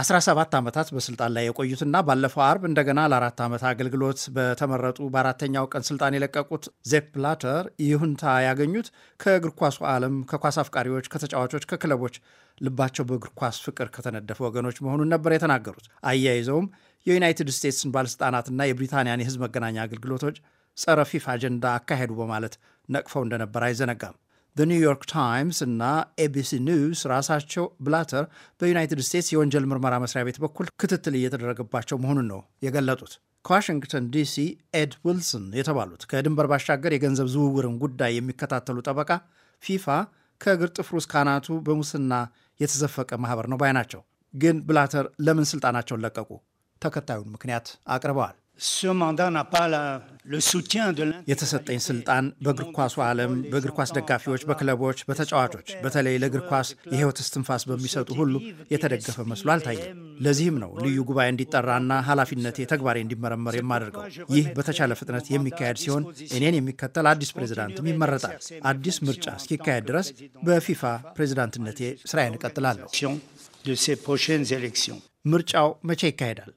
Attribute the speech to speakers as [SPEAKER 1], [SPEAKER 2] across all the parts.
[SPEAKER 1] 17 ዓመታት በስልጣን ላይ የቆዩትና ባለፈው አርብ እንደገና ለአራት ዓመት አገልግሎት በተመረጡ በአራተኛው ቀን ስልጣን የለቀቁት ዜፕ ብላተር ይሁንታ ያገኙት ከእግር ኳሱ ዓለም፣ ከኳስ አፍቃሪዎች፣ ከተጫዋቾች፣ ከክለቦች ልባቸው በእግር ኳስ ፍቅር ከተነደፈ ወገኖች መሆኑን ነበር የተናገሩት። አያይዘውም የዩናይትድ ስቴትስን ባለሥልጣናትና የብሪታንያን የሕዝብ መገናኛ አገልግሎቶች ጸረ ፊፍ አጀንዳ አካሄዱ በማለት ነቅፈው እንደነበር አይዘነጋም። በኒውዮርክ ታይምስ እና ኤቢሲ ኒውስ ራሳቸው ብላተር በዩናይትድ ስቴትስ የወንጀል ምርመራ መስሪያ ቤት በኩል ክትትል እየተደረገባቸው መሆኑን ነው የገለጡት። ከዋሽንግተን ዲሲ ኤድ ዊልሰን የተባሉት ከድንበር ባሻገር የገንዘብ ዝውውርን ጉዳይ የሚከታተሉ ጠበቃ ፊፋ ከእግር ጥፍሩ እስከ አናቱ በሙስና የተዘፈቀ ማህበር ነው ባይ ናቸው። ግን ብላተር ለምን ስልጣናቸውን ለቀቁ? ተከታዩን ምክንያት አቅርበዋል። የተሰጠኝ ስልጣን በእግር ኳሱ ዓለም በእግር ኳስ ደጋፊዎች፣ በክለቦች፣ በተጫዋቾች በተለይ ለእግር ኳስ የህይወት እስትንፋስ በሚሰጡ ሁሉ የተደገፈ መስሎ አልታየም። ለዚህም ነው ልዩ ጉባኤ እንዲጠራና ኃላፊነቴ ተግባሬ እንዲመረመር የማደርገው። ይህ በተቻለ ፍጥነት የሚካሄድ ሲሆን እኔን የሚከተል አዲስ ፕሬዝዳንትም ይመረጣል። አዲስ ምርጫ እስኪካሄድ ድረስ በፊፋ ፕሬዝዳንትነቴ ስራዬን እቀጥላለሁ። ምርጫው መቼ ይካሄዳል?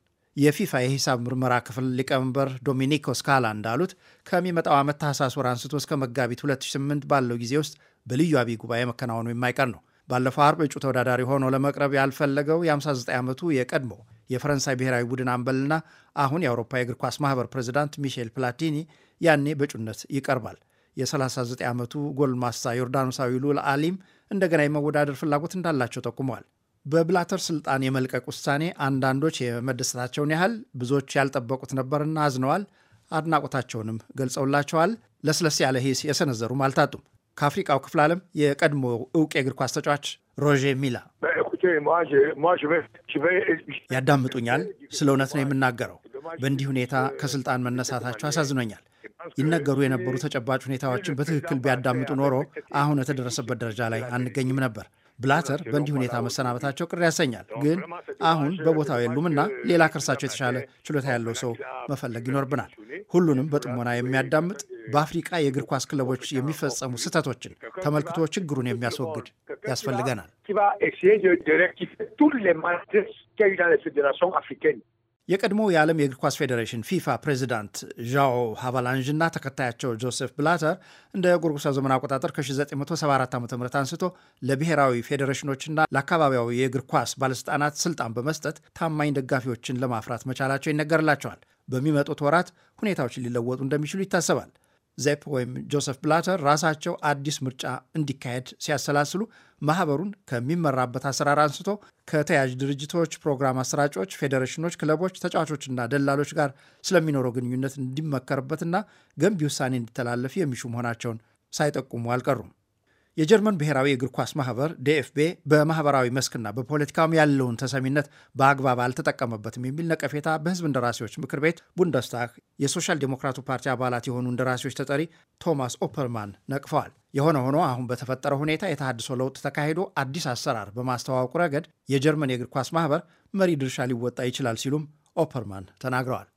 [SPEAKER 1] የፊፋ የሂሳብ ምርመራ ክፍል ሊቀመንበር ዶሚኒክ ስካላ እንዳሉት ከሚመጣው ዓመት ታህሳስ ወር አንስቶ እስከ መጋቢት 2008 ባለው ጊዜ ውስጥ በልዩ አብይ ጉባኤ መከናወኑ የማይቀር ነው። ባለፈው አርብ እጩ ተወዳዳሪ ሆኖ ለመቅረብ ያልፈለገው የ59 ዓመቱ የቀድሞ የፈረንሳይ ብሔራዊ ቡድን አምበልና አሁን የአውሮፓ የእግር ኳስ ማህበር ፕሬዚዳንት ሚሼል ፕላቲኒ ያኔ በእጩነት ይቀርባል። የ39 ዓመቱ ጎልማሳ ዮርዳኖሳዊ ሉል አሊም እንደገና የመወዳደር ፍላጎት እንዳላቸው ጠቁመዋል። በብላተር ስልጣን የመልቀቅ ውሳኔ አንዳንዶች የመደሰታቸውን ያህል ብዙዎች ያልጠበቁት ነበርና አዝነዋል። አድናቆታቸውንም ገልጸውላቸዋል። ለስለስ ያለ ሂስ የሰነዘሩም አልታጡም። ከአፍሪቃው ክፍለ ዓለም የቀድሞ እውቅ የእግር ኳስ ተጫዋች ሮዤ ሚላ ያዳምጡኛል። ስለ እውነት ነው የምናገረው። በእንዲህ ሁኔታ ከስልጣን መነሳታቸው አሳዝኖኛል። ይነገሩ የነበሩ ተጨባጭ ሁኔታዎችን በትክክል ቢያዳምጡ ኖሮ አሁን የተደረሰበት ደረጃ ላይ አንገኝም ነበር። ብላተር በእንዲህ ሁኔታ መሰናበታቸው ቅር ያሰኛል። ግን አሁን በቦታው የሉምና ሌላ ከእርሳቸው የተሻለ ችሎታ ያለው ሰው መፈለግ ይኖርብናል። ሁሉንም በጥሞና የሚያዳምጥ በአፍሪቃ የእግር ኳስ ክለቦች የሚፈጸሙ ስህተቶችን ተመልክቶ ችግሩን የሚያስወግድ ያስፈልገናል። የቀድሞ የዓለም የእግር ኳስ ፌዴሬሽን ፊፋ ፕሬዚዳንት ዣኦ ሃቫላንዥ እና ተከታያቸው ጆሴፍ ብላተር እንደ ጎርጎሳ ዘመን አቆጣጠር ከ1974 ዓ ም አንስቶ ለብሔራዊ ፌዴሬሽኖችና ለአካባቢያዊ የእግር ኳስ ባለሥልጣናት ስልጣን በመስጠት ታማኝ ደጋፊዎችን ለማፍራት መቻላቸው ይነገርላቸዋል። በሚመጡት ወራት ሁኔታዎች ሊለወጡ እንደሚችሉ ይታሰባል። ዘፕ ወይም ጆሰፍ ብላተር ራሳቸው አዲስ ምርጫ እንዲካሄድ ሲያሰላስሉ ማህበሩን ከሚመራበት አሰራር አንስቶ ከተያዥ ድርጅቶች፣ ፕሮግራም አሰራጮች፣ ፌዴሬሽኖች፣ ክለቦች፣ ተጫዋቾችና ደላሎች ጋር ስለሚኖረው ግንኙነት እንዲመከርበትና ገንቢ ውሳኔ እንዲተላለፍ የሚሹ መሆናቸውን ሳይጠቁሙ አልቀሩም። የጀርመን ብሔራዊ እግር ኳስ ማህበር ዲኤፍቤ በማህበራዊ መስክና በፖለቲካም ያለውን ተሰሚነት በአግባብ አልተጠቀመበትም የሚል ነቀፌታ በህዝብ እንደራሴዎች ምክር ቤት ቡንደስታክ የሶሻል ዴሞክራቱ ፓርቲ አባላት የሆኑ እንደራሴዎች ተጠሪ ቶማስ ኦፐርማን ነቅፈዋል። የሆነ ሆኖ አሁን በተፈጠረ ሁኔታ የተሃድሶ ለውጥ ተካሂዶ አዲስ አሰራር በማስተዋወቁ ረገድ የጀርመን የእግር ኳስ ማህበር መሪ ድርሻ ሊወጣ ይችላል ሲሉም ኦፐርማን ተናግረዋል።